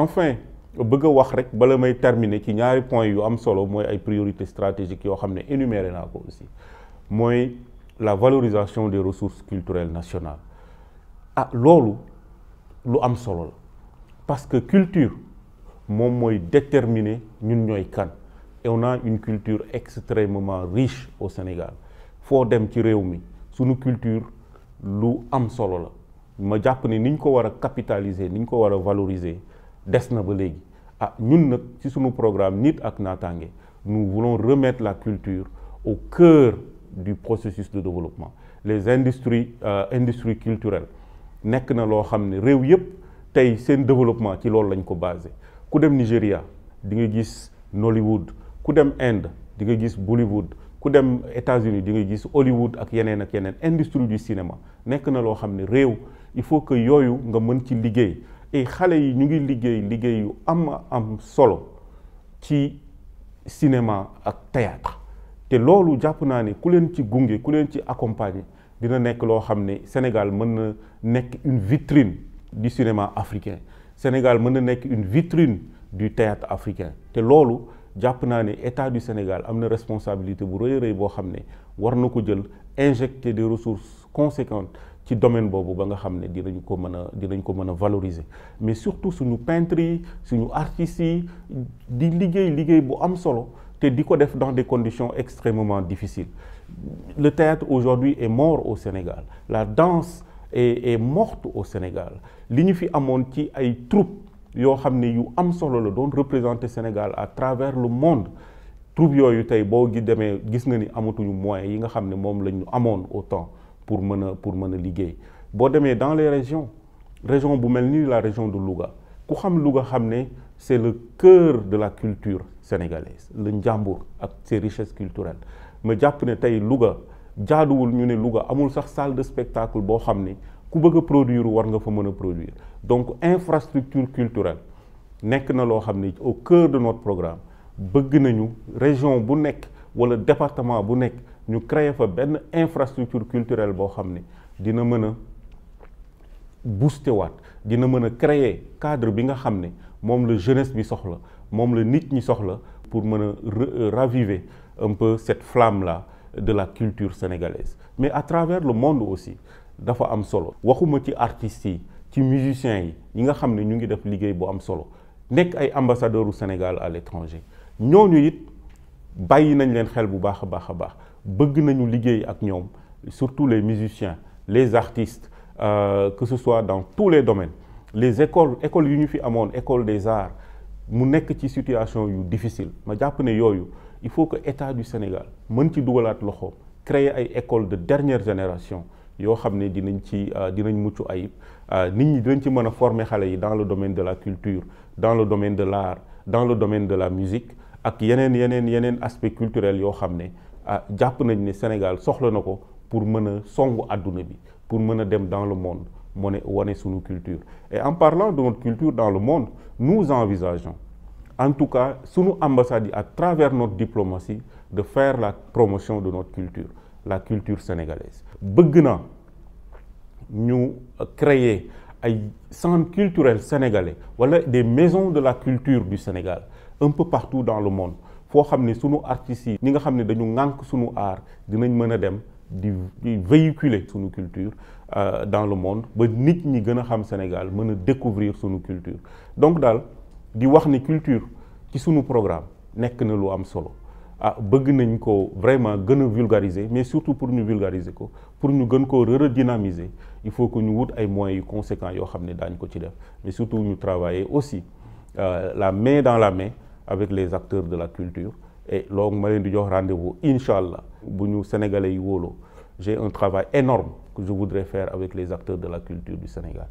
enfin bëgg a wax rek bala may terminer ci ñaari point yu am solo moy ay priorités stratégiques yo xamné énumérer énuméré aussi moy la valorisation des ressources culturelles nationales ah lolu lu am solo la parce que culture mom moy déterminer ñun ñoy kan et on a une culture extrêmement riche au Sénégal Il dem ci réew mi culture lu am solo la ma japp ni ñu ko capitaliser ni ko valoriser des na ba léegi ah ñun nak ci suñu programme nit ak natangé nous voulons remettre la culture au cœur du processus de développement les industries euh, industries culturelles nek na lo xam rew réew tay sen développement ci lool lañ ko basé ku dem nigeria di nga gis Nollywood ku dem Inde di nga gis Bollywood ku dem États-Unis di nga gis Hollywood ak yenen ak yenen industrie du cinéma nek na lo xam rew il faut que yoyu nga mën ci liggéey et xalé yi ñu ngi liggéey liggéey yu am am solo cinéma théâtre Et loolu ku leen dina Sénégal mën une vitrine du cinéma africain Sénégal est une vitrine du théâtre africain te loolu état du Sénégal am na responsabilité bu injecter des ressources conséquentes ci domaine bobu ba nga xamné ne dinañ ko mëna a dinañ ko mëna valoriser mais surtout suñu peintres suñu artistes yi di liggéey liggéey bu am solo té diko def dans des conditions extrêmement difficiles le théâtre aujourd'hui est mort au Sénégal la danse est est morte au Sénégal liñu fi amone ci ay troupes yo xamné yu am solo la doon représenter Sénégal à travers le monde troupes yoyu tay bo gi démé gis nga ni amatuñu moyens yi nga xamné mom lañu amone autant pour mener pour mener liguer. Bon dans les régions région bu la région de Louga ku xam Louga c'est le cœur de la culture sénégalaise le njàmbur ak ses richesses culturelles mais jàpp ne tey Louga jaadoul ñu ne Louga amul sax salle de spectacle bo xam ku bëgg produire war nga fa mën produire donc infrastructure culturelle nek na lo au cœur de notre programme bëgg nañu région bu ou wala département bu nek nous créer créé une infrastructure culturelle qui nous booster à créer cadre la jeunesse la pour euh, raviver un peu cette flamme là de la culture sénégalaise mais à travers le monde aussi dafa am artistes musiciens des ambassadeurs du Sénégal à l'étranger Nous, bëgg nañu liggéey ak ñoom surtout les musiciens les artistes euh, que ce soit dans tous les domaines les écoles écoles yu ñu fi école des arts mu nekk ci situation yu difficile ma japp ne yoyu il faut que l'État du Sénégal mën ci crée loxo créer ay écoles de dernière génération yo xamné dinañ ci euh, dinañ muccu ayib euh, nit ñi dinañ ci former dans le domaine de la culture dans le domaine de l'art dans le domaine de la musique ak y yenen un aspect culturel yo ah, Japonais nañ ni Sénégal soxla na pour mener a songu pour mener' dans le monde mu culture et en parlant de notre culture dans le monde nous envisageons en tout cas suñu ambassade à travers notre diplomatie de faire la promotion de notre culture la culture sénégalaise Nous na ñu créer ay centres culturels sénégalais wala des maisons de la culture du Sénégal un peu partout dans le monde faut que que artistes yi ñi nga xam dañu art dinañ mën di véhiculer culture euh, dans le monde ba nit ñi Sénégal puissent découvrir sunu culture donc dal di wax ni culture ci sunu programme nek na lu am solo ah bëgg nañ ko vraiment gëna vulgariser mais surtout pour ñu vulgariser ko pour ñu gën redynamiser il faut que ñu wut ay moyens conséquents yo xam dañ ko mais surtout ñu travailler aussi euh, la main dans la main avec les acteurs de la culture et loolu ma vous donne rendez-vous Inch'Allah, pour sénégalais yi j'ai un travail énorme que je voudrais faire avec les acteurs de la culture du Sénégal